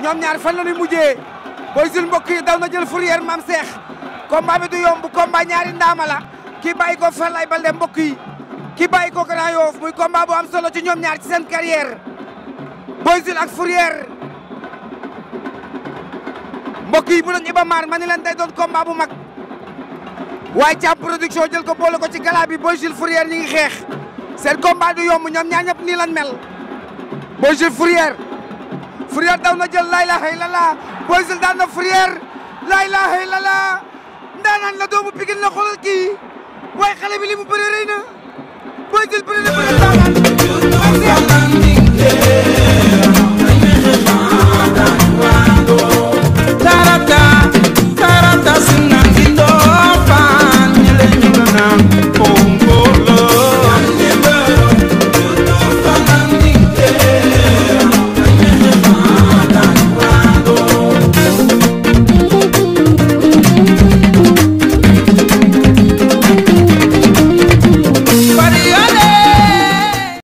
ñoom ñaar fan la ñuy mujjee Boy Jules mbokk yi daw na jël fourrière Mame Cheikh combat bi du yomb combat ñaari ndaama la ko Falaye Baldé mbokk yi kii bàyyi ko Grand Yoff muy combat am solo ci ñoom ñaar ci seen carrière Boy Jules ak fourrière mbokk bu doon Iba Mar ma ni leen day doon combat mag waaye Thiam production jël ko boole ko ci gala bi Boy Jules fourrière ñi ngi xeex seen combat du yomb ñoom ñaar ñëpp nii mel Boy Jules Fourrière daw na jël laa ilaaha illallah Boy Jules daan na Fourrière laa ilaaha illallah ndaanaan la doomu Pikine la xoolal kii waaye xale mu bëri na Boy Jules bëri na bëri